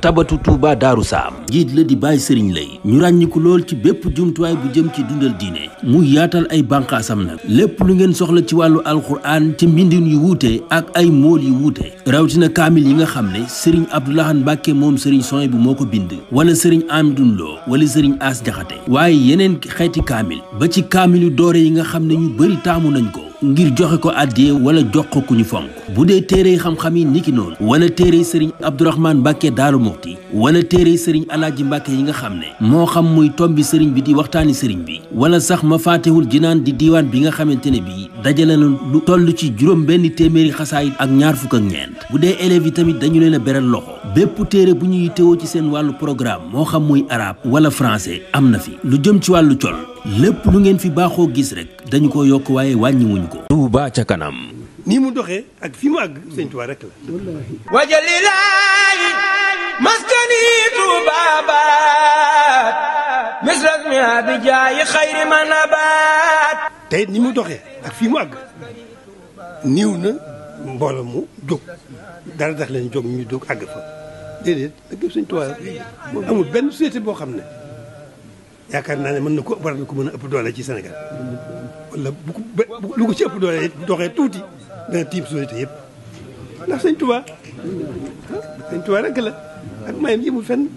tabatu tuuba daaru saam njiit la di bàyyi sëriñ lay ñu ràññiku lool ci bépp jumtuwaay bu jëm ci dundal diine mu yaatal ay bànqaasam nag lépp lu ngeen soxla ci wàllu alxuraan ci mbindin yu wuute ak ay mool yu wuute rawtina kaamil yi nga xam ne sëriñ abdoulahan mbàkke moom sëriñ soy bu moo ko bind wala sëriñ amdun loo wala sëriñ as jaxate waaye yeneen xeeti kaamil ba ci kaamil yu doore yi nga xam ne ñu bëri taamu nañ ko ngir joxe ko àddee wala jox ko ku ñu fonk bu dee téere xam-xam yi niki noonu wala téere sëriñ Abdourahmane Mbacke Daaru Muxti wala téere sëriñ ji Mbacke yi nga xam ne moo xam muy tombi sëriñ bi di waxtaani sëriñ bi wala sax ma faatewul jinaan di diiwaan bi nga xamante ne bii dajale na lu toll ci juróom benn téeméeri xasaayit ak ñaar fukk ak ñeent bu dee élèves yi tamit dañu leen a beral loxo bépp téere bu ñu ñuy teewoo ci seen wàllu programme moo xam muy arab wala français am na fi lu jëm ci wàllu col lépp lu ngeen fi baaxoo gis rek dañu ko yokk waaye wàññiwuñu ko. Touba ca kanam. ni mu doxee ak fi mu àgg sëñ Touba rek la. wajalilaayi maskani Touba baat misras mi abijaayi xayri ma tey ni mu doxee ak fi mu àgg niiw na mbooloo mu jóg dara tax leen jóg ñu jóg àgg fa déedéet dëgg sëñ Touba amul benn société boo xam ne. yaakaar naa ne mën na ko war na ko mën ëpp doole ci Sénégal wala bu ko ci ëpp doole doxee tuuti dana tiim société yëpp ndax sëñ Tuubaa sëñ Tuubaa rek la ak mayam yëmul fenn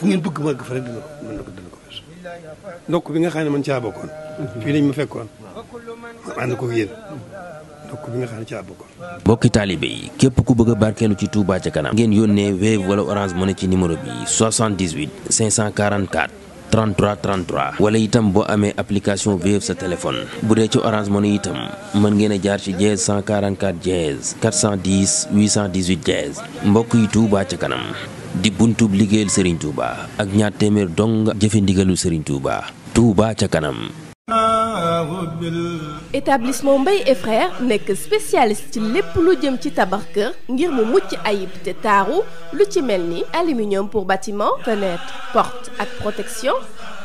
fu ngeen bëgg ma ko mën na ko dina ko fees bi nga xam ne man caa bokkoon fii lañ ma fekkoon a ànd ko yéen ndokk bi nga xam ne caa bokkoon mbokki taalibe yi képp ku bëgg a barkeelu ci Touba ca kanam ngeen yónnee Wave wala Orange Money ci numéro bi 78 544 33 33 wala itam boo amee application Wave sa téléphone bu dee ci Orange Money itam mën ngeen a jaar ci dièse 144 dièse 410 818 dièse mbokk yi Touba ca kanam di buntub liggéeyal Serigne Touba ak ñaar téeméer dong jëfe ndigalu Serigne Touba Touba ca kanam. établissement Mbaye et frères nekk spécialiste ci lépp lu jëm ci tabax kër ngir mu mucc ayib te taaru lu ci mel ni aluminium pour bâtiment fenêtre porte ak protection.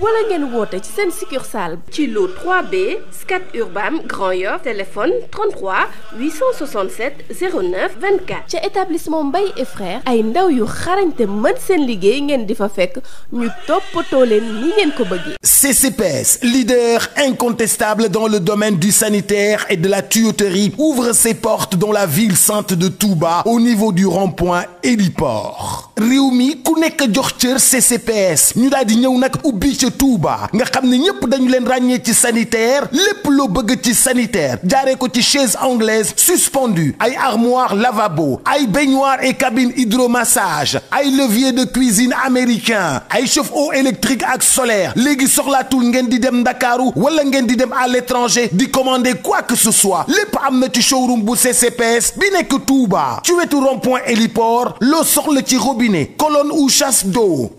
wala ngeen woote ci seen succursale ci lu 3B Scat Urbam Grand Yoff téléphone 33 867 09 24 ca établissement Mbaye et frères ay ndaw yu xarañte mën seen liggéey ngeen di fa fekk ñu toppatoo leen ni ngeen ko bëggee CCPS leader incontestable dans le domaine du sanitaire et de la tuyauterie ouvre ses portes dans la ville sainte de Touba au niveau du rond-point Héliport réew mi ku nekk jox CCPS ñu daal di ñëw nag ubbi ca Touba nga xam ne ñëpp dañu leen ràññee ci sanitaire lépp loo bëgg ci sanitaire jaaree ko ci chaise anglaise suspendue ay armoire lavabo ay baignoire et cabine hydromassage ay levier de cuisine américain ay chauffe-eau électrique ak solaire léegi soxlaatul ngeen di dem Ndakaaru wala ngeen di dem à l'étranger di commander quoi que ce soit lépp am na ci showroom bu CCPS bi nekk Touba ci wetu rond-point héliport loo soxla ci robinet colonne ou chasse d'eau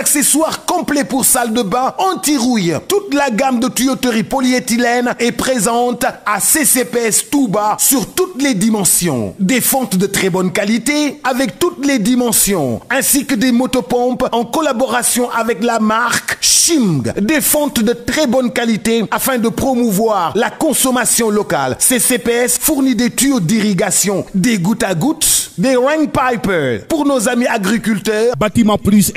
accessoires complets pour salle de bain anti-rouille. Toute la gamme de tuyauterie polyéthylène est présente à CCPS Touba sur toutes les dimensions. Des fontes de très bonne qualité avec toutes les dimensions, ainsi que des motopompes en collaboration avec la marque Shimg. Des fontes de très bonne qualité afin de promouvoir la consommation locale. CCPS fournit des tuyaux d'irrigation, des gouttes à gouttes, des rain pipers pour nos amis agriculteurs. Bâtiment plus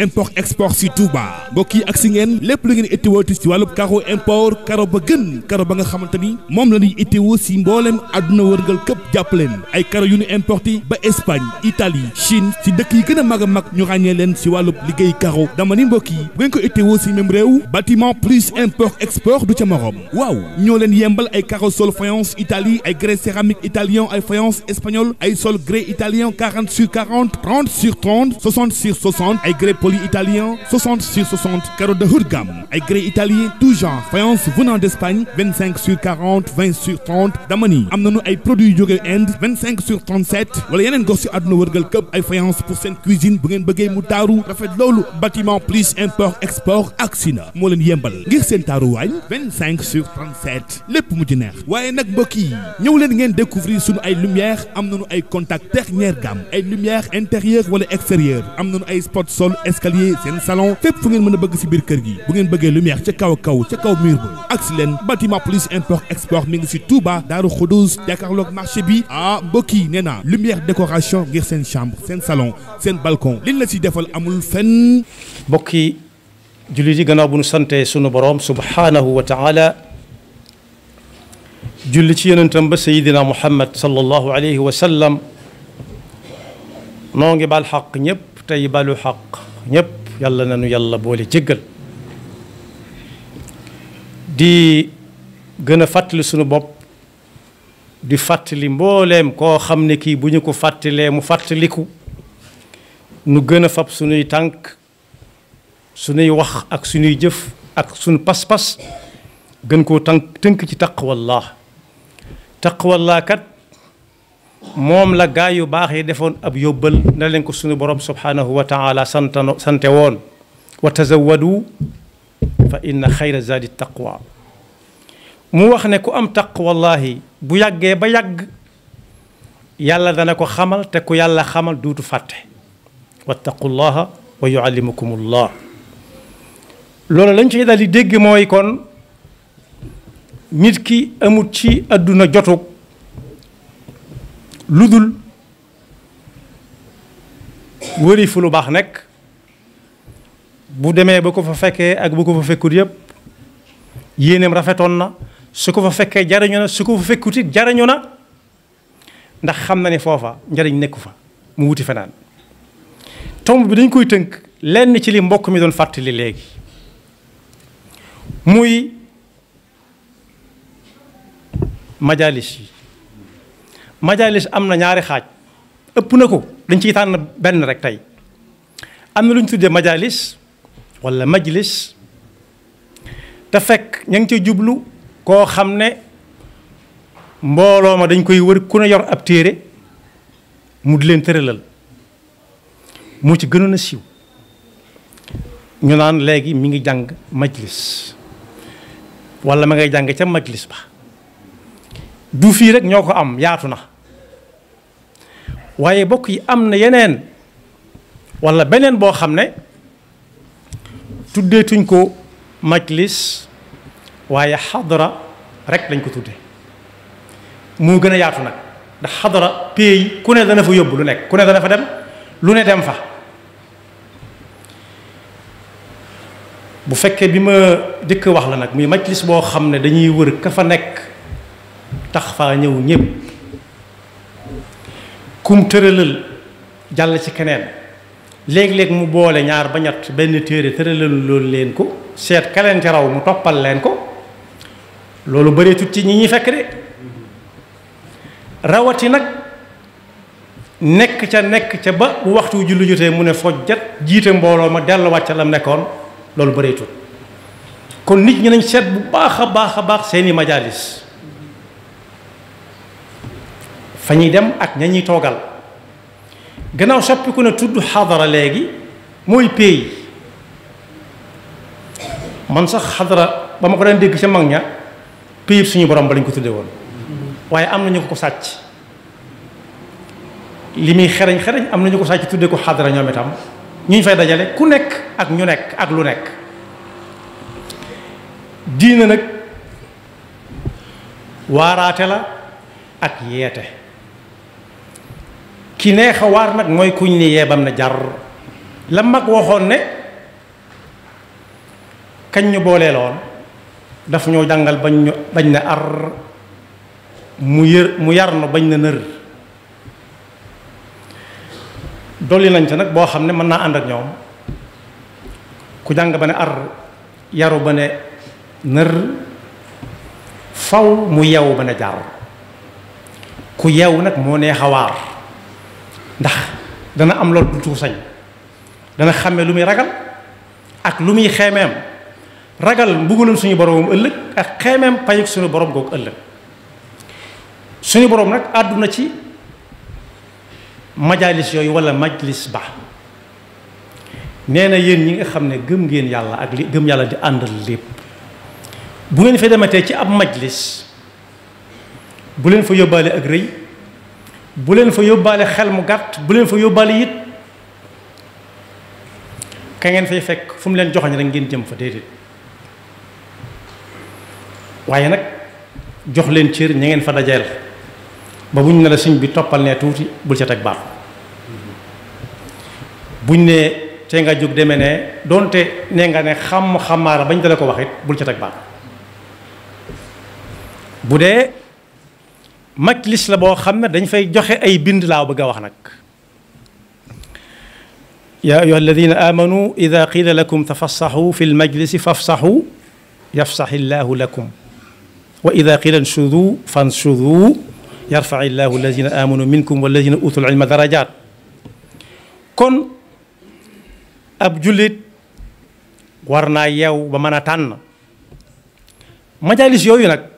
sport si Touba mbokk yi ak si ngeen lépp lu ngeen itteewooti si wàllub caro import caro ba gën caro ba nga xamante ni moom la ñuy itteewoo si mbooleem àdduna wërngal këpp jàppaleen ay caro yu ñu importé ba Espagne Italie Chine si dëkk yi gën a mag a mag ñu ràññee leen si wàllub liggéey caro dama ni mbokk bu ngeen ko itteewoo si même réew bâtiment plus import export du ca morom waaw ñoo leen yembal ay caro sol faïence Italie ay grès céramique italien ay faïence espagnol cent soixante sur soixante carreaux de haute ay grès italien tout genre venant d'Espagne vingt sur quarante sur damani am nañu ay produits yu Inde sur trente sept wala yeneen gox yu àdduna wërgal këpp ay faïence pour seen cuisine bu ngeen bëggee mu taaru rafet loolu bâtiment plus import export ak sina moo leen yembal ngir seen taaru waañ sur trente sept lépp mu ci waaye nag mbokk yi ñëw leen ngeen découvrir suñu ay lumière am nañu ay contact dernière gamme ay lumière salon fépp fu ngeen mën a bëgg si biir kër gi bu ngeen bëggee lumière ca kaw kaw ca kaw mur ba ak si leen bâtiment plus import export mi ngi si Touba Daaru Xuduus jàkkaarloog marché bi ah mbokk yi nee naa lumière décoration ngir seen chambre seen salon seen balkon li la si defal amul fenn mbokk yi jullit yi gannaaw bu nu sante sunu borom subhanahu wa taala julli ci yonentam ba sayidina muhammad sallallahu alayhi wa sallam noo ngi bal xaq ñëpp tey balu xaq ñëpp yàlla na nu yàlla boole jéggal di gën a fàttali sunu bopp di fàttali mbooleem koo xam ne kii bu ñu ko fàttalee mu fàttaliku nu gën a fab sunuy tànk sunuy wax ak sunuy jëf ak sunu pas-pas gën koo tënk ci taqwallah taqwallah kat moom la gaa yu baax yi defoon ab yóbbal na leen ko suñu borom subhanahu wa taala santano sante woon wa tazawadu fa inna xayra zadi taqwa mu wax ne ku am taq taqwallahi bu yàggee ba yàgg yàlla dana ko xamal te ko yàlla xamal duutu fàtte wattaqullaha wa yuallimukumullah loolu lañ ciy dal di mooy kon nit ki amut ci àdduna jotug lu dul wëri fu lu baax nekk bu demee ba ko fa fekkee ak bu ko fa fekkut yëpp yéeneem rafetoon na su ko fa fekkee jariñu na su ko fa fekkutit jariñu na ndax xam na ne foofa njariñ nekku fa mu wuti fenaan tomb bi dañ koy tënk lenn ci li mbokk mi doon fàttali léegi muy majalis majalis am na ñaari xaaj ëpp na ko dañ ci tànn benn rek tey am na lu ñu tuddee majalis walla majlis te fekk ña ngi ca jublu koo xam ne mbooloo ma dañ koy wër ku ne yor ab téere mu di leen tëralal mu ci gënoon a siiw ñu naan léegi mu ngi jàng majlis wala ma ngay jàng ca majlis ba du fii rek ñoo ko am yaatu na waaye bokk yi am na yeneen walla beneen boo xam ne tuddeetuñ ko majlis waaye xadara rek lañ ko tudde moo gën a yaatu nag ndax xadara pays ku ne dana fa yóbbu lu nekk ku ne dana fa dem lu ne dem fa bu fekkee bi ma dëkk wax la nag muy majlis boo xam ne dañuy wër ka fa nekk tax faa ñëw ñépp kum tëralal jàll ci keneen léeg-léeg mu boole ñaar ba ñett benn téere tëralal loolu leen ko seet keneen ci raw mu toppal leen ko loolu bëree ci ñi ñuy fekk de rawati nag nekk ca nekk ca ba bu waxtu julli jotee mu ne fojjat jiite mbooloo ma delluwaat ca lam nekkoon loolu bëree kon nit ñi nañ seet bu baax a baax a baax seeni majaalis fa ñuy dem ak ña ñuy toogal gannaaw soppiku ne tudd xadara léegi mooy pays man sax xadara ba ma ko daan dégg ca mag ña pays suñu borom ba lañ ko tudde woon waaye am nañu ko sàcc li muy xereñ xereñ am nañu ko sàcc tudde ko xadara ñoom itam ñu ñu fay dajale ku nekk ak ñu nekk ak lu nekk diina nag waaraate la ak yeete ki neex a waar nag mooy kuñ ni yeebam na jar la mag waxoon ne kañ ñu booleeloon daf ñoo jàngal bañ na ar mu yër mu yar na bañ na nër dolli nañ ca nag boo xam ne mën naa ànd ak ñoom ku jàng ba ne ar yaru ba ne nër faw mu yeewu ba ne jar ku yeewu nag moo neex a waar ndax dana am loolu du sañ dana xàmme lu muy ragal ak lu muy xeemeem ragal mbugalum suñu boromam ëllëg ak xeemeem payuk suñu borom googu ëllëg suñu boroom nag àdduna ci majalis yooyu wala majlis ba nee na yéen ñi nga xam ne gëm ngeen yàlla ak li gëm yàlla di àndal lépp bu ngeen fa dematee ci ab majlis bu leen fa yóbbaale ak rëy bu leen fa yóbbaale xel mu gàtt bu leen fa yóbbaale it ka ngeen fay fekk fu mu leen joxoñ rek ngeen jëm fa déedéet waaye nag jox leen cër ña ngeen fa dajeel ba buñ ne la sëñ bi toppal nee tuuti bul ca teg baax buñ ne te nga jóg deme ne donte nee nga ne xam xamaara bañ dale ko wax it bul ca teg baax bu dee majlis la boo xam ne dañ fay joxe ay bind laa bëgg a wax nag yaa ayuha alladina amanu ida qila lakum tafassaxu fi lmajlisi fafsaxu yafsaxi llahu lakum wa ida qila nsudu fansudu yarfaci llahu alladina amanu minkum walladina utul ilma darajat kon ab jullit war naa yeew ba mën a tànn majalis yooyu nag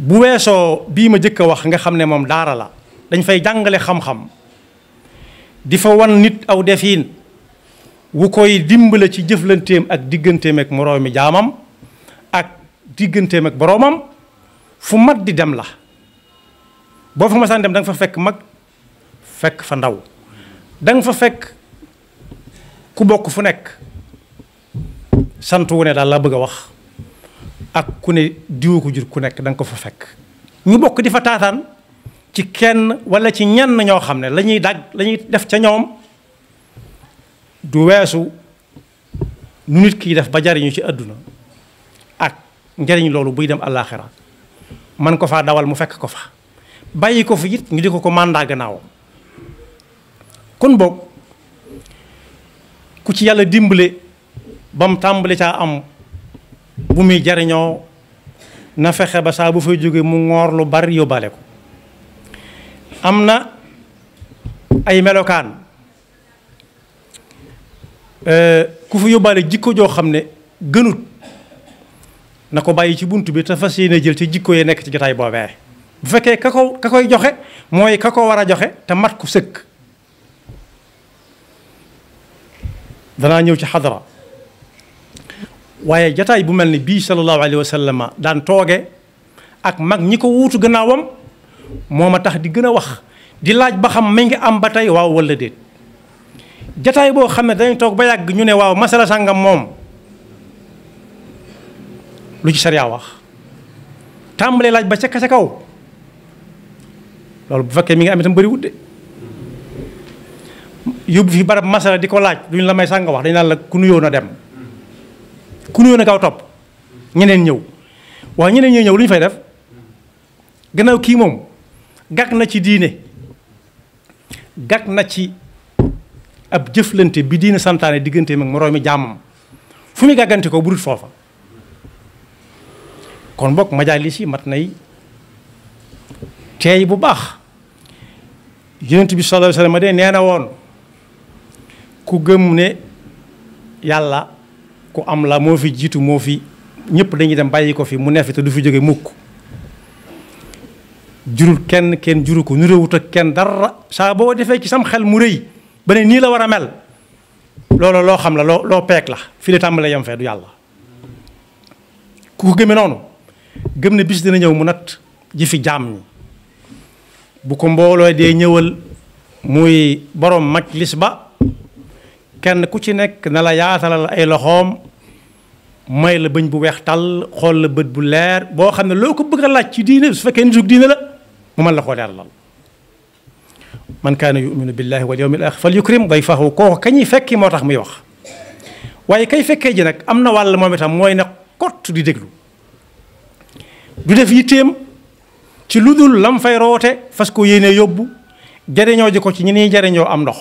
bu weesoo bii ma jëkk a wax nga xam ne moom daara la dañ fay jàngale xam-xam di fa wan nit aw defiin wu koy dimbale ci jëflanteem ak digganteem ak moroomi jaamam ak digganteem ak boroomam fu mat di dem la boo fa masaan dem danga fa fekk mag fekk fa ndaw danga fa fekk ku bokk fu nekk sant wu ne daal laa bëgg a wax ak ku ne diwoo ko jur ku nekk da ko fa fekk ñu bokk di fa taataan ci kenn walla ci ñenn ñoo xam ne lañuy ñuy dagg la def ca ñoom du weesu nu nit kiy def ba jariñu ci àdduna ak njariñ loolu buy dem àllaaxira man ko faa dawal mu fekk ko fa bàyyi ko fi it ñu di ko ko màndaa gannaaw kon boog ku ci yàlla dimbale ba mu tàmbali caa am bu muy jariñoo na fexe ba saa bu fay jóge mu ngoor lu bari yóbbaale ko am na ay melokaan euh, ku fi yóbbaale jikko joo xam ne gënut na ko bàyyi ci bunt bi te fas yéene jël ci jikko yi nekk ci jotaay boobee bu fekkee ka ko ka koy joxe mooy ka ko war a joxe te mat ku sëkk danaa ñëw ci xadara waaye jataay bu mel ni bii sallallahu alayhi wa sallam daan tooge ak mag ñi ko wuutu gannaawam moom a tax di gën a wax di laaj ba xam mi ngi am ba tey waaw wala déet. jataay boo xam ne dañ toog ba yàgg ñu ne waaw masala sàngam moom lu ci sariya wax tàmbalee laaj ba ca ca kaw loolu bu fekkee mi ngi am itam bariwut de yóbbu fi barab masala di ko laaj duñ la may sànga wax dañ naan la ku nuyoo dem. ku ñëw na gaaw topp ñeneen ñëw waaw ñeneen ñooy ñëw lu ñu fay def gannaaw kii moom gàkk na ci diine gàkk na ci ab jëflante bi diine santaane diggante mag moroomi jàmm fu muy gàggante ko bu dul foofa kon bokk majaalis yi mat nay teey bu baax yonent bi sallallahu alayhi wa sallam de nee na woon ku gëm ne yàlla ku am la moo fi jiitu moo fi ñëpp dañuy dem bàyyi ko fi mu neefi te du fi jóge mukk jurul kenn kenn juru ko nuréewut kenn dara saa boo defee ci sam xel mu rëy ba ne nii la war a mel loolu loo xam la loo loo peeg la fii la tàmbalee yem fee du yàlla ku ko gëmee noonu gëm ne bis dina ñëw mu nat ji fi jaam ñi bu ko mbooloo dee ñëwal muy borom majlis ba kenn ku ci nekk na la yaatalal ay loxoom may la bëñ bu weex tàll xool la bët bu leer boo xam ne loo ko bëgg a laaj ci diine su fekkee nituk diine la mu mën la koo leeralal man kaana yuminu billahi wal yawmil axir fal yukrim dayfahu kooku kañuy fekki moo tax muy wax waaye kay fekkee ji nag am na wàll moom itam mooy ne kott di déglu du def yitteem ci lu dul lam fay roote fas ko yéenee yóbbu jariñoo ji ko ci ñi niy jariñoo am ndox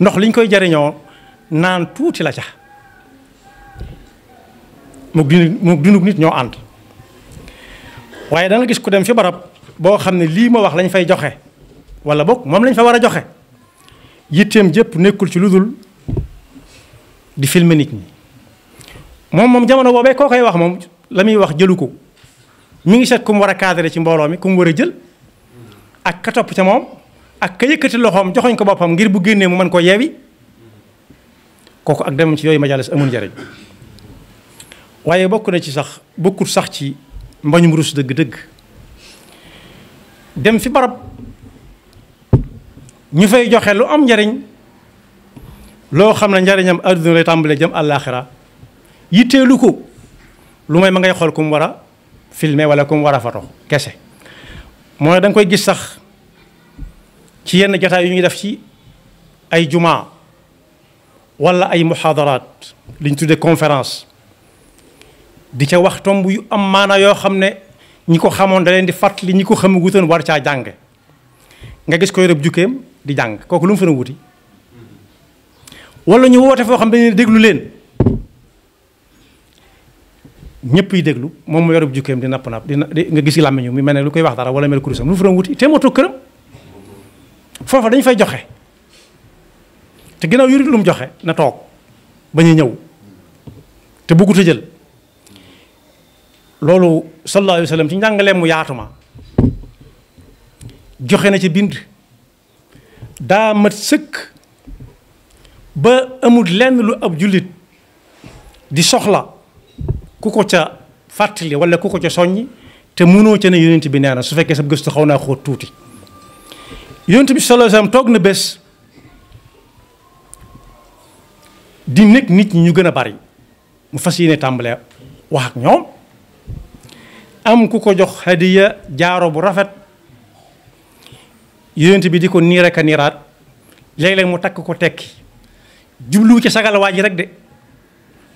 ndox liñ koy jariñoo naan tuuti la ca mu dundu nit ñoo ànd waaye da gis ku dem fi barab boo xam ne lii ma wax lañ fay joxe wala boog moom lañ fa war a joxe yitteem jépp nekkul ci lu dul di filmer nit ñi moom moom jamono boobee koo koy wax moom la muy wax jëlu ko mi ngi seet ku mu war a kaadare ci mbooloo mi ku war a jël ak ka topp ca moom ak ka yëkkati loxoom joxoñ ko boppam ngir bu génnee mu mën koo yeewi kooku ak dem ci yooyu majalis amul njariñ waaye bokk na ci sax bokkut sax ci mbañum rus dëgg-dëgg dem fi barab ñu fay joxe lu am njariñ loo xam ne njariñam àdduna lay tàmbalee jëm àllaaxira yitteelu ko lu may ma ngay xool ku mu war a filmer wala ku war a foto kese mooy da koy gis sax ci yenn jotaay yu ñuy def ci ay jumaa wala ay muxaadaraat liñ tuddee conférence di ca wax tomb yu am maanaa yoo xam ne ñi ko xamoon da leen di fàttali ñi ko xamagutoon war caa jànge nga gis ko bu jukkeem di jàng kooku lu mu fa wuti wala ñu woote foo xam ne déglu leen ñëpp yi déglu moom mu yorob jukkeem di napp napp di nga gis làmmiñu mi mel na lu koy wax dara wala mel kurusam lu mu fa na wuti te moo toog këram foofa dañ fay joxe te ginnaaw yorit lu mu joxe na toog ba ñu ñëw te bëggut jël loolu sallallahu alayhi ci njàngaleem mu yaatuma joxe na ci bind daa mat sëkk ba amul lenn lu ab jullit di soxla ku ko ca fàttali wala ku ko ca soññ te mënoo ca ne yonent bi nee na su fekkee sa gëstu xaw naa xóot tuuti yonent bi sallallahu alayhi toog na bés di nekk nit ñi ñu gën a bari mu fas yéene tàmbalee wax ak ñoom am ku ko jox hadiya jaaro bu rafet yonent bi di ko niir ak a niiraat léeg-léeg mu takk ko tekki jubluwu ci sagal waa ji rek de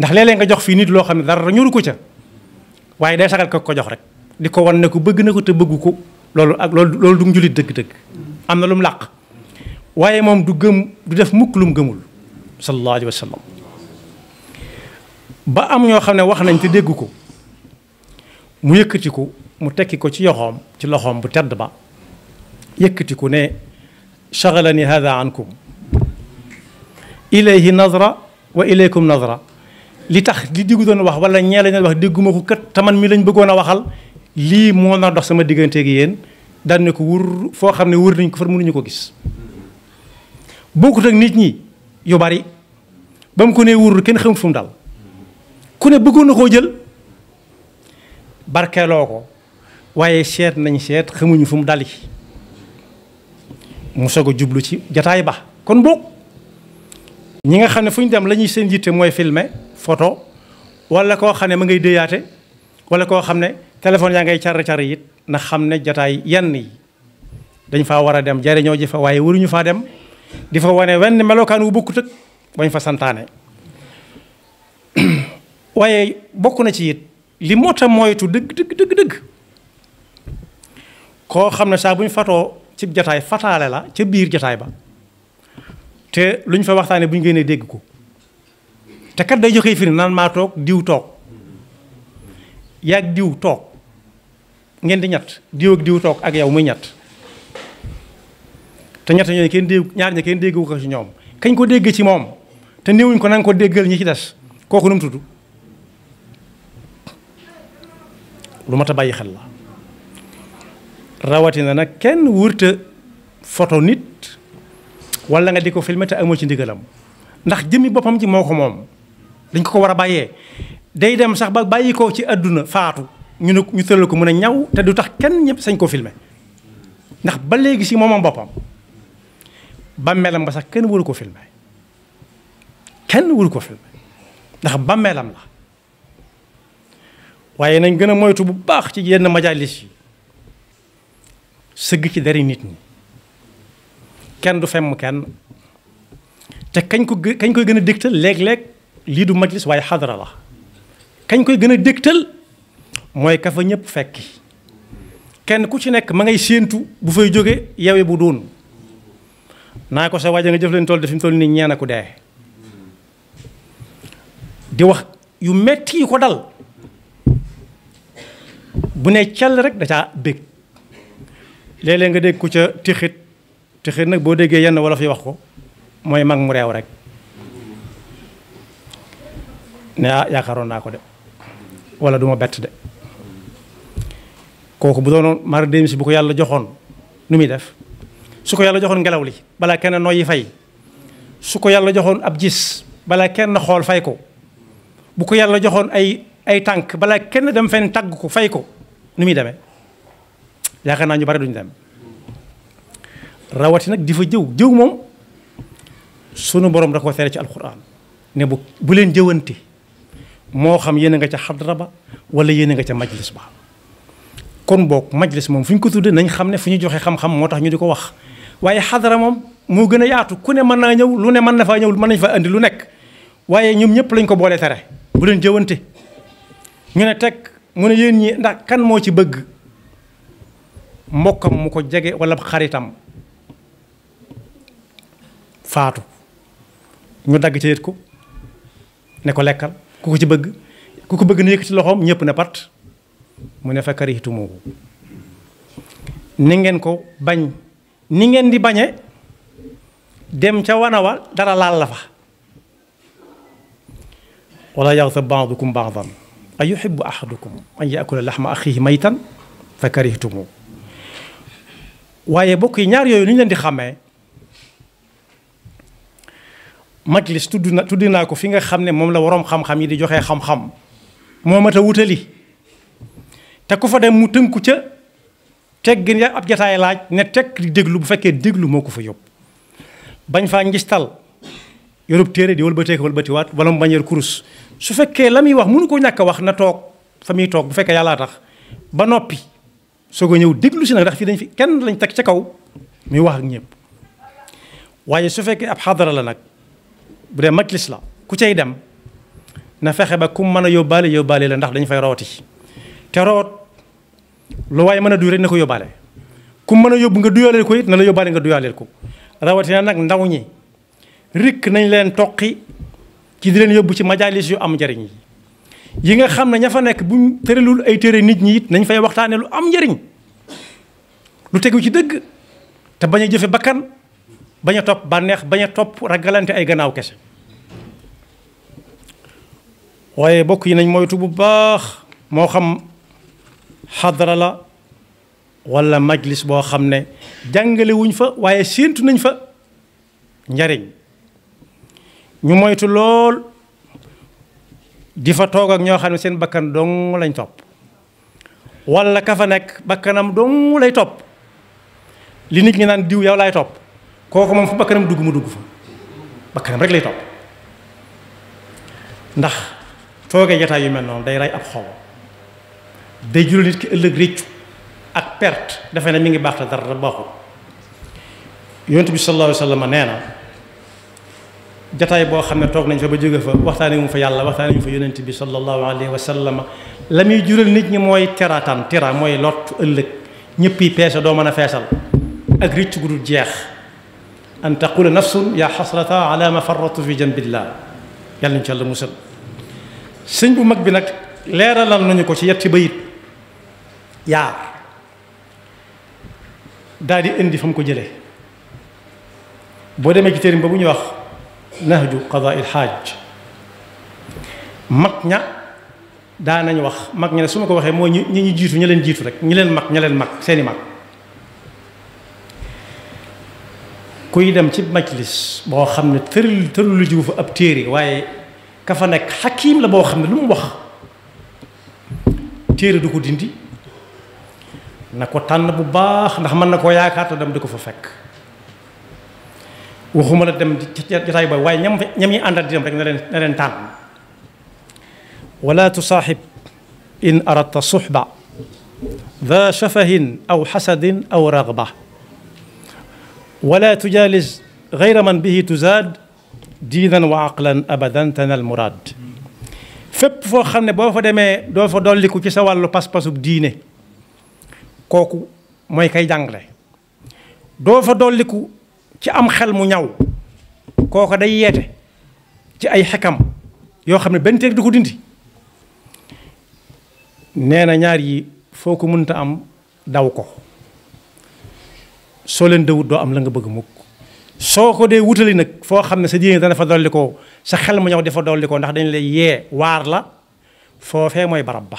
ndax léeg nga jox fii nit loo xam ne dara ñoru ko ca waaye day sagal ko ko jox rek di ko wan ne ko bëgg na ko te bëggu ko loolu ak loolu loolu du mu jullit dëgg-dëgg am na lu mu làq waaye moom du gëm du def mukk lu mu gëmul sallallahu alayhi wa sallam ba am ñoo xam ne wax nañ te dégg ko mu yëkkati ko mu tekki ko ci yoxoom ci loxoom bu tedd ba yëkkati ko ne chagalani hada ankum ilayhi nazra wa ilaykum nazra li tax li diggu doon wax wala ñee lañ wax dégguma ko kat man mi lañ bëggoon a waxal lii moo na dox sama diggante gi yéen daan ko wur foo xam ne wër nañ ko far mënuñu ko gis bokkut ak nit ñi yu bari ba mu ko nee kenn xamut fu dal ku ne bëggoon na koo jël barkeeloo ko waaye seet nañ seet xamuñu fu mu dali mu soog a jublu ci jataay ba kon boog ñi nga xam ne fu ñu dem lañuy ñuy seen yitte mooy filme photo wala koo xam ne ma ngay déyaate wala koo xam ne téléphone yaa ngay car car it na xam ne jataay yenn yi dañ faa war a dem jariñoo ji fa waaye waruñu faa dem di fa wane wenn melokaan wu bokkut ak fa santaane waaye bokk na ci it li mot a moytu dëgg dëgg dëgg dëgg koo xam ne saa bu ñu fatoo cib jataay fataale la ca biir jataay ba te lu ñu fa waxtaanee bu ñu gënee dégg ko te kat day joxe firi naan maa diw toog yaag diw toog ngeen di ñett diw diw toog ak yow muy ñett te ñett ñooñu kenn dégg ñaar ña kenn déggu ko ci ñoom kañ ko dégg ci moom te néewuñ ko na ko déggal ñi ci des kooku nu mu tudd lu mat a bàyyi xel la rawatina nag kenn wurta foto nit wala nga di ko filmer te amoo ci ndigalam ndax jëmmi boppam ci moo ko moom dañ ko ko war a bàyyee day dem sax ba bàyyi ko ci àdduna faatu ñu ne ñu tëral ko mën a ñaw te du tax kenn ñëpp sañ ko filmer ndax ba léegi si moomam boppam bàmmeelam ba sax kenn waru ko filmé kenn waru ko filmé ndax bàmmeelam la waaye nañ gën a moytu bu baax ci yenn majalis yi sëgg ci dari nit ñi kenn du femm kenn te kañ ko kañ koy gën a dégtal léeg-léeg lii du majlis waaye xadara la kañ koy gën a dégtal mooy ka fa ñëpp fekki kenn ku ci nekk ma ngay séentu bu fay jóge yawe bu doon naa ko sa waaja nga jëf leen toll dafi mu toll nii ñeen a ku dee di wax yu metti yu ko dal bu ne cell rek da caa bég léeg nga dégg ku ca tixit tixit nag boo déggee yenn wolof yi wax ko mooy mag mu réew rek ne ah yaakaaroon naa ko de wala du ma bett de kooku bu doonoon mar dem si bu ko yàlla joxoon nu muy def su ko yàlla joxoon ngelaw li balaa kenn noyyi fay su ko yàlla joxoon ab jis balaa kenn xool fay ko bu ko yàlla joxoon ay ay tànk balaa kenn dem fenn tàgg ko fay ko nu muy demee yaakaar naa ñu bari duñ dem rawati nag di fa jëw jëw moom sunu borom da ko tere ci alquran ne bu bu leen jëwante moo xam yéen a nga ca xadra ba wala yéen nga ca majlis ba kon boog majlis moom fu ñu ko tuddee nañ xam ne fu ñu joxe xam-xam moo tax ñu di ko wax waaye xadara moom moo gën a yaatu ku ne mën naa ñëw lu ne man na faa ñëw mën nañ fa andi lu nekk waaye ñoom ñëpp lañ ko boole tere bu leen jëwante ñu ne teg mu ne yeen ñi ndax kan moo ci bëgg mbokkam mu ko jege wala xaritam faatu ñu dagg ci yët ko ne ko lekkal ku ko ci bëgg ku ko bëgg na yëkkati loxoom ñëpp ne pat mu ne fa karihitumoohu ni ngeen ko bañ ni ngeen di bañe dem ca wana wa dara laal la fa wala yaxtab baadukum baadan a yuhibbu ahadukum an yaakula laxma axihi maytan fa karihtumu waaye bokk yi ñaar yooyu ni ñu leen di xàmmee majlis tudd na tudd naa ko fi nga xam ne moom la waroom xam-xam yi di joxe xam-xam moo mat a wutali te ku fa dem mu tënku ca teggin ya ab jataay laaj ne tekk di déglu bu fekkee déglu moo ko fa yóbbu bañ faa ngistal yorub téere di wëlbatee ko wëlbatiwaat wala mu bañ yor kurus su fekkee la muy wax mënu ko ñàkk a wax na toog fa muy toog bu fekkee yàllaa tax ba noppi soo ko ñëw déglu si nag ndax fii dañ fi kenn lañ teg ci kaw muy wax ak ñëpp waaye su fekkee ab xadara la nag bu dee majlis la ku cay dem na fexe ba ku mën a yóbbaale yóbbaale la ndax dañ fay rooti te root lu waaye mën a duy rek na ko yóbbaale ku mën a yóbbu nga duyaaleel ko it na la yóbbaale nga duyaaleel ko rawatina nag ndaw ñi rikk nañ leen toqi ci di leen yóbbu ci majaalis yu am njariñ yi nga xam ne ña fa nekk buñ tëralul ay téere nit ñi it nañ fay waxtaane lu am njariñ lu tegu ci dëgg te bañ a jëfe bakkan bañ a topp bànneex bañ a topp ragalante ay gannaaw kese waaye bokk yi nañ moytu bu baax moo xam xadara la wala majlis boo xam ne jàngalewuñ fa waaye séentu nañ fa njariñ ñu moytu lool di fa toog ak ñoo xam ne seen bakkan dong lañ topp wala ka fa nekk bakkanam dong lay topp li nit ñi naan diw yow laay topp kooku moom fu bakkanam dugg mu dugg fa bakkanam rek lay topp ndax toogee jataay yu mel noonu day rey ab xol day jural nit ki ëllëg réccu ak perte defe ne mi ngi baax te dara baaxul yonent bi sallallahu alayhi wa sallam nee na jataay boo xam ne toog nañ fa ba jóge fa waxtaanee mu fa yàlla waxtaanee mu fa yonent bi sallallahu alayhi wa sallam la muy jural nit ñi mooy teraataan tera mooy lott ëllëg ñëpp peese doo mën a feesal ak réccu gu jeex an taqula nafsun yaa xasrata ala ma farratu fi janbillah yàlla nañ ci yàlla musal sëñ bu mag bi nag leeralal nañu ko ci yetti bayit yaar daal di indi fa mu ko jëlee boo demee ci térim ba bu ñuy wax nahju qadaa il xaaj mag ña daa nañ wax mag ña ne su ma ko waxee moo ñi ñu jiitu ña leen jiitu rek ñu leen mag ña leen mag seeni mag kuy dem ci majlis boo xam ne tërul tërul lu jiwu fa ab téere waaye ka fa nekk xakiim la boo xam ne lu mu wax téere du ko dindi na ko tànn bu baax ndax mën na koo yaakaar te dem di ko fa fekk waxuma la dem jotaay ba waaye ñam ñam ñi àndal di dem rek na leen na leen tànn wala tusaaxib in aradta suxba da shafahin aw xasadin aw ragba wala tujaalis gayra man bihi tuzaad diinan wa aqlan abadan tanal muraad fépp foo xam ne boo fa demee doo fa dolliku ci sa wàllu pas-pasub diine kooku mooy kay jàngale doo fa dolliku ci am xel mu ñaw kooku day yeete ci ay xekkam yoo xam ne benn teeg du ko dindi nee na ñaar yi foo ko mënta am daw ko soo leen dawut doo am la nga bëgg mukk soo ko dee wutali nag foo xam ne sa diine dana fa dolli sa xel mu ñaw dafa dolli ko ndax dañ lay yee waar la foofee mooy barab ba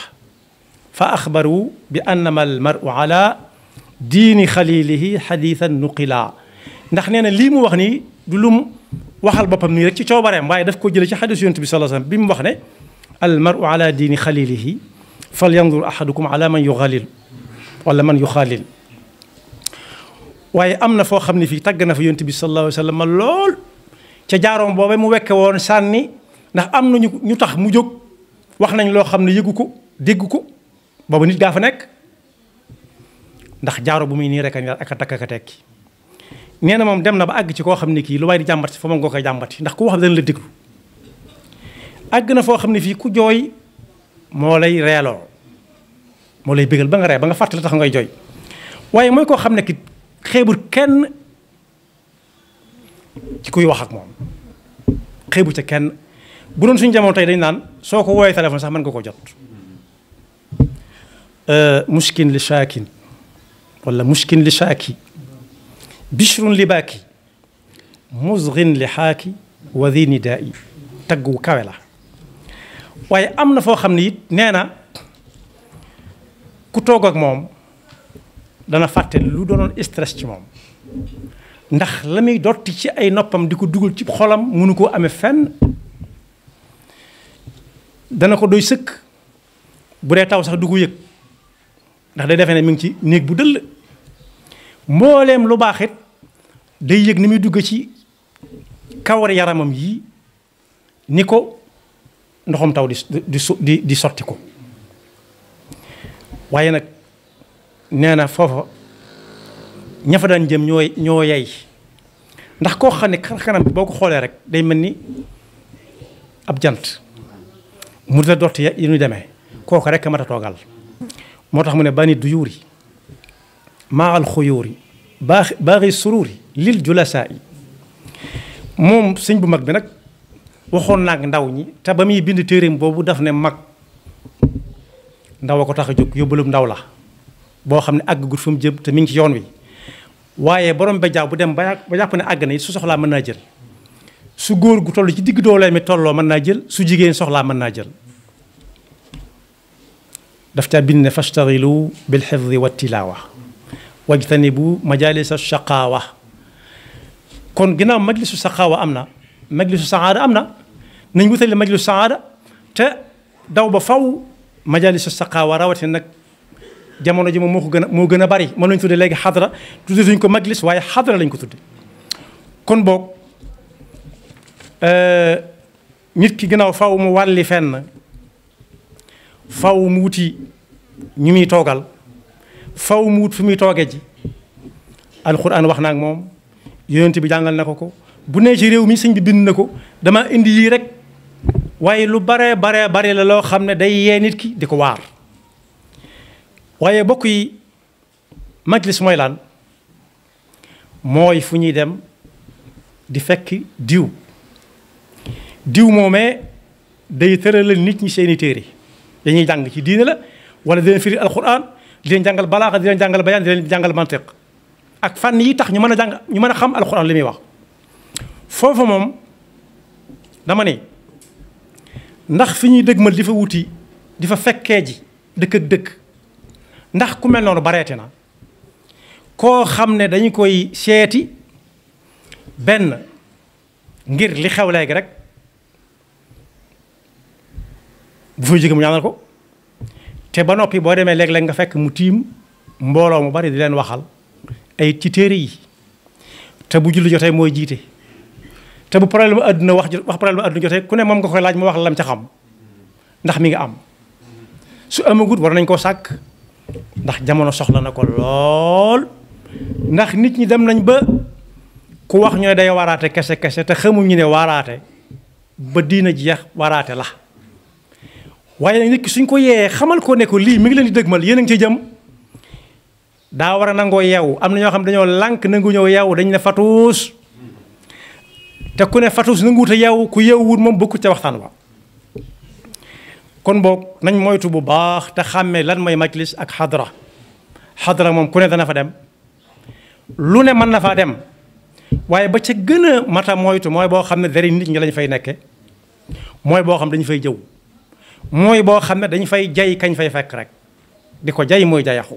fa axbaru bi annama al maru ala diini xalilihi xadiisan nuqila ndax nee na lii mu wax ni du lum waxal boppam nii rek ci coobareem waaye daf ko jële ci xadiis yonent bi sallallahu alayhi bi mu wax ne al maru ala diini xalilihi fal yandur ahadukum ala man yuxalil wala man yuxaalil am na foo xam ne fii tàgg na fa yonent bi sallallahu alayhi wasallam lool ca jaaroom booba mu wekke woon sànni ndax am na ñu tax mu jóg wax nañ loo xam ne yëgu ko dégg ko boobu nit gaa fa nekk ndax jaaro bu muy nii rek ak ak a tekki nee na moom dem na ba àgg ci koo xam ne kii lu waay di jàmbat si fa ma nga koy jàmbati ndax ku wax dana la déglu àgg na foo xam ne fii ku jooy moo lay reeloo moo lay bégal ba nga ree ba nga fàttali tax ngay jooy waaye mooy koo xam ne ki xeebul kenn ci kuy wax ak moom xeebu ca kenn bu doon suñu jamono dañ naan soo ko woowee téléphone sax mën nga ko jot mushkin li shaakin walla muskin li shaaki bishrun li baaki musghin li xaaki wa di nidaa'i taggu kawe la waaye am na foo xam ne it nee na ku toog ak moom dana fàtte lu doonoon stress ci moom ndax la muy dotti ci ay noppam di ko dugal ci xolam mënu koo ame fenn dana ko doy sëkk bu dee taw sax du ko yëg ndax day defee ne mi ngi ci néeg bu dëll mbooleem lu baax day yëg ni muy dugg ci kawar yaramam yi ni ko ndoxum taw di di di sotti ko waaye nag nee na foofa ña fa daan jëm ñoo ñoo yay ndax koo xam ne xar bi boo ko xoolee rek day mel ni ab jant mu da dott ya yi ñuy demee kooku rek a mat a toogal moo tax mu ne bani duyuuri maa al xuyuuri baax baaxi suruuri lil julasaa yi moom sëñ bu mag bi nag waxoon naa ndaw ñi te ba muy bind téeréem boobu daf ne mag ndaw a ko tax a jóg yóbbalum ndaw la boo xam ne àgg gut fu mu jëm te mi ngi ci yoon wi waaye borom ba jaaw bu dem ba jàpp ne àgg na it su soxlaa mën naa jël su góor gu toll ci digg doolee mi tolloo mën naa jël su jigéen soxlaa mën naa jël daf caa bind ne fastarilu bil xifdi wa tilaawa wajtanibu majalisa shaqaawa kon ginnaaw majlisu shaqaawa am na majlisu saada am na nañ wutale majlisu saada te daw ba faw majalisu shaqaawa rawatina nag jamono ji moom moo ko gën a moo gën a bari mën nañu tudde léegi xadra tudde duñ ko majlis waaye xadra lañ ko tudde kon boog euh, nit ki ginnaaw faw mu wàlli fenn faw mu wuti ñu muy toogal faw mu wut fu muy toogee ji alxuraan wax na ak moom yonent bi jàngal na ko ko bu nee ci réew mi sëñ bi bind na ko dama indi yii rek waaye lu bare bare bare la loo xam ne day yee nit ki di ko waar waaye bokk yi majlis mooy lan mooy fu ñuy dem di fekk diw diw moomee day tëralal nit ñi seeni téere dañuy jàng ci diine la wala di leen firi alquran di leen jàngal balaaxa di leen jàngal bayaan di leen jàngal mantiq ak fan yi tax ñu mën a jàng ñu mën a xam alquran li muy wax foofu moom dama ne ndax fi ñuy ma di fa wuti di fa fekkee ji dëkk ak dëkk ndax ku mel noonu bareete na koo xam ne dañu koy seeti benn ngir li xew léegi rek bu fa jóge mu ñaanal ko te ba noppi boo demee léeg-léeg nga fekk mu tiim mbooloo mu bari di leen waxal ay ci téere yi te bu julli jotee mooy jiite te bu problème àdduna wax wax problème àdduna jotee ku ne moom nga koy laaj mu wax lam ca xam ndax mi nga am su amagut war nañ koo sàkk ndax jamono soxla na ko lool ndax nit ñi dem nañ ba ku wax ñu ne day waaraate kese kese te xamuñu ne waraate ba diina jeex waraate la waaye nag nit ki suñ ko yee xamal koo ne lii mi ngi leen di dëgmal yéen a ngi ci jëm daa war a nangoo yeewu am na ñoo xam dañoo lànk nangu ñëw yeewu dañ ne fatuus te ku ne fatuus nanguwut a yeewu ku yeewuwut moom bokku ca waxtaan wa kon boog nañ moytu bu baax te xàmmee lan mooy majlis ak xadra xadra moom ku ne dana fa dem lu ne mën na faa dem waaye ba ca gën a mata moytu mooy boo xam ne dara nit ñi lañ fay nekke mooy boo xam dañu fay jëw mooy boo xam ne dañ fay jay kañ fay fekk rek di ko jay mooy jayaxu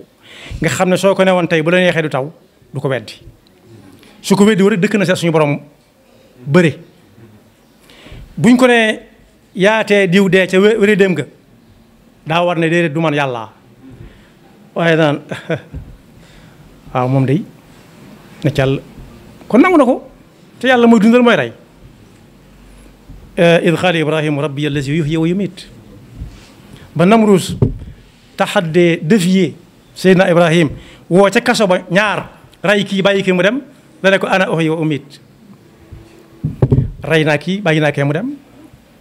nga xam ne soo ko newoon tey bu la neexee du taw du ko weddi su ko weddi dëkk na seet suñu borom bëre buñ ko ne yaatee diw dee ca wéri dem nga daa war ne déedéet du man yàlla waaye daan waaw moom day na càll kon nangu na ko te yàlla mooy dundal mooy rey eh, id xaali ibrahima rabbi allazi yuhyi wa yumiit ba Namruus taxaddee défier Seydina Ibrahim woo ca kaso ba ñaar ray kii bàyyi kii mu dem ko ana uhyi kii bàyyi naa mu dem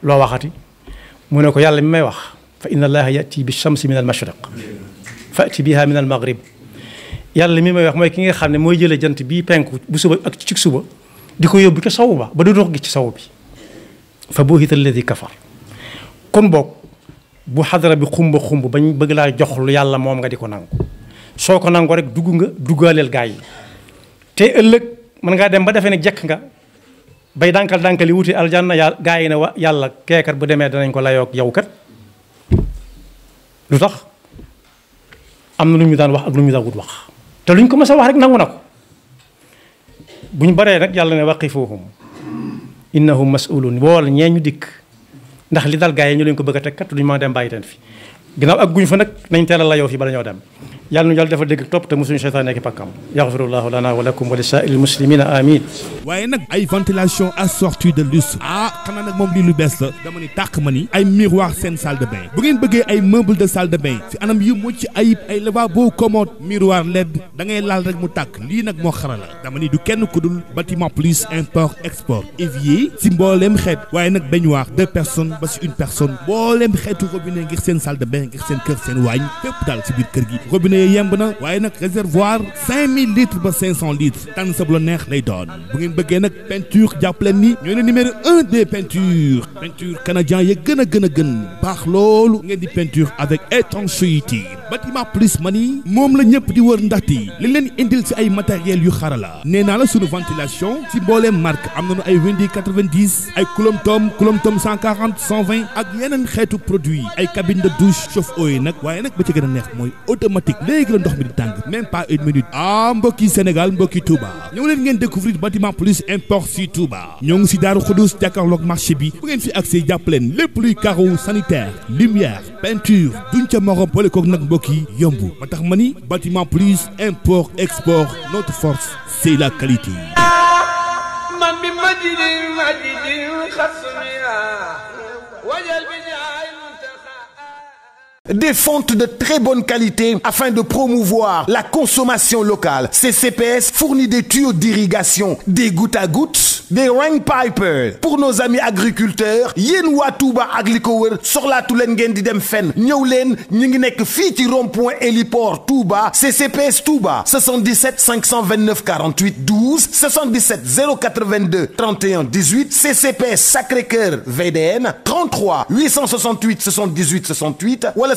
loo waxati mu ne ko yàlla mi may wax fa inna allaha yati bi shamsi min al mashriq fati biha min al maghrib yàlla mi may wax mooy ki nga xam ne mooy jële jant bii penku bu suba ak ci suba di ko yóbbu ca sow ba ba du dox gi ci sow bi fa buhita alladi kafar kon boog bu xadara bi xumba xumb bañ bëgg laa jox lu yàlla moom nga di ko nangu soo ko nangu rek dugg nga duggaaleel gaay yi te ëllëg mën ngaa dem ba defee ne jekk nga bay dànkal dànkali wuti aljanna yàlla gaa yi ne wa yàlla keekat bu demee danañ ko layoog yow kat lu tax am na lu ñu daan wax ak lu ñu daan wut wax te luñ ko mës a wax rek nangu na ko buñ baree rek yàlla ne waqifuhum innahum mas'ulun wool ñee ñu dikk ndax li dal gaa yi ñu leen ko bëgg a teg kat duñu mën a dem bàyyi leen fi ginnaaw ak guñ fa nag nañ teel a layoo fi bala ñoo dem yàlla nu yàlla dafa dégg topp te mosuñu seytaane ak pàkkam yaxfirullahu lana wa lakum wa li saa'iril muslimina amin waaye nag ay ventilation assortie de lustre ah xanaa nag moom lii lu bees la dama ni tàq ma ni ay miroir seen salle bain bu ngeen bëggee ay meuble de salle de bain si anam yu mucc ayib ay lavabo commode miroir led da ngay laal rek mu tàkk lii nag moo xara la dama ni du kenn ku dul bâtiment plus import export évier si mbooleem xeet waaye nag baignoire deux personnes ba si une personne mbooleem xeetu robinet ngir seen salle de bain ngir kër seen waañ fépp daal si biir kër gi de yemb na waaye nag réservoir 5000 litres ba 500 litres tànn sa bu la neex lay doon bu ngeen bëggee nag peinture jàpp leen ni ñooy le numéro un des peintures peinture canadien ya gën a gën a gën baax loolu ngeen di peinture avec étanchéité bâtiment plus ni moom la ñëpp di wër ndaxte li leen indil si ay matériels yu xarala nee naa la suñu ventilation si mbooleem marque am na nañu ay Windy 90 ay Coulomb Tom Coulomb Tom 140 120 ak yeneen xeetu produit ay cabine de douche chauffe-eau nag waaye nag ba ci gën a neex mooy léegi la ndox mi di tàng même pas une minute ah mbokki Sénégal mbokki Touba ñëw leen ngeen découvrir bâtiment plus import si Touba ñoo ngi si Daaru Xudus jàkkaarloog marché bi bu ngeen fi accès jàpp leen lépp luy carreau sanitaire lumière peinture duñ ca morom boole nag mbokk yomb ma tax ma ni bâtiment plus import export notre force c'est la qualité ah, Des fontes de très bonne qualité afin de promouvoir la consommation locale. CCPS fournit des tuyaux d'irrigation, des gouttes à gouttes, des rain pipers pour nos amis agriculteurs. Yéen waa Touba ak li ko wër soxlaatu leen ngeen di dem fenn ñëw leen ñu ngi nekk fii ci rond-point Héliport Touba CCPS Touba 77 529 48 12 77 082 31 18 CCPS Sacré-Cœur VDN 33 868 78 68 wala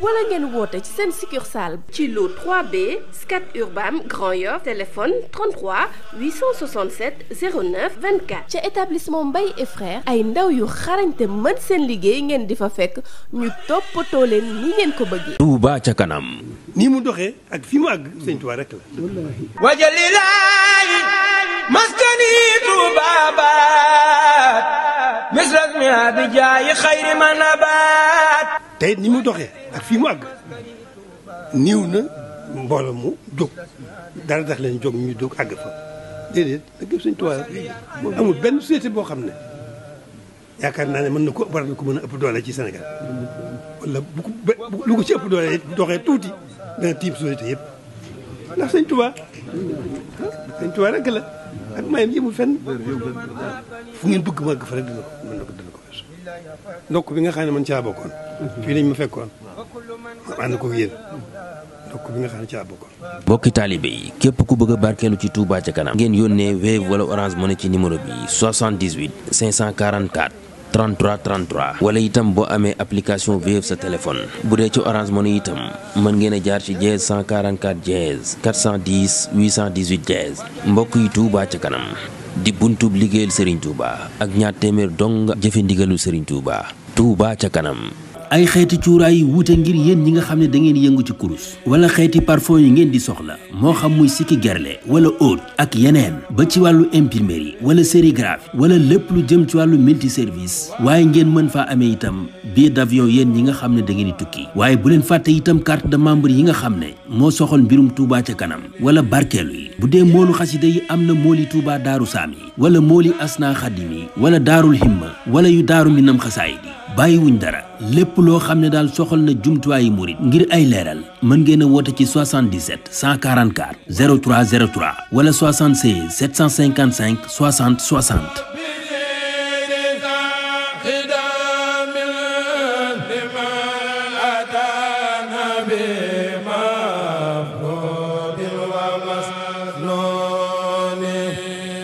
wala ngeen woote ci seen succursale ci lu 3B Scat Urbam Grand Yoff téléphone 33 867 09 24 ca établissement Mbaye et frères ay ndaw yu xarañte mën seen liggéey ngeen di fa fekk ñu toppatoo leen ni ngeen ko bëggee Touba ca kanam ni mu doxee ak fi mu àgg Sëñ Touba rek la wajalilaayi maskani Touba tey ni mu doxee ak fii mu àgg niiw na mbooloo mu jóg dara tax leen jóg ñu jóg àgg fa déedéet da gëm Sëñ Tuubaa amul benn société boo xam ne yaakaar naa ne mën na ko war na ko mën a ëpp doole ci Sénégal wala bu ko lu ko ci ëpp doole doxee tuuti dana tiim société yëpp ndax Sëñ Tuubaa dañ tubaab rek ngeen bëgg ma fa rek dina ko ndokk bi nga xam ne man caa bokkoon mhm. fii lañ ma fekkoon ma ko yéen ndokk nga xam ne caa bokkoon mbokki taalibe yi képp ku bëgg a barkeelu ci Touba ca kanam ngeen yónnee Wave wala Orange Money ci numéro bi 78 544 33 33 wala itam boo amee application Wave sa téléphone bu dee ci Orange Money itam mën ngeen a jaar ci dièse 144 dièse 410 818 dièse mbokk yi Touba ca kanam di buntub liggéeyal Serigne Touba ak ñaar téeméer dong jëfe ndigalu Serigne Touba Touba ca kanam ay xeeti cuuraay yu wuute ngir yéen ñi nga xam ne da ngeen yëngu ci kurus wala xeeti parfum yi ngeen di soxla moo xam muy sikki gerle wala oud ak yeneen ba ci wàllu yi wala sérigraphie wala lépp lu jëm ci wàllu multi service waaye ngeen mën faa amee itam billet d'avion yéen ñi nga xam ne da ngeen di tukki waaye bu leen fàtte itam carte de membre yi nga xam ne moo soxal mbirum Touba ca kanam wala barkeelu yi bu dee moolu xasida yi am na mooli Touba daaru saami wala mooli asna xadim yi wala daarul himma wala yu daaru minam xasaayid yi bàyyiwuñ dara lépp loo xam ne daal soxal na jumtuwaayu murit ngir ay leeral mën ngeen a woote ci 77 144 03 03 wala 76 755 60 60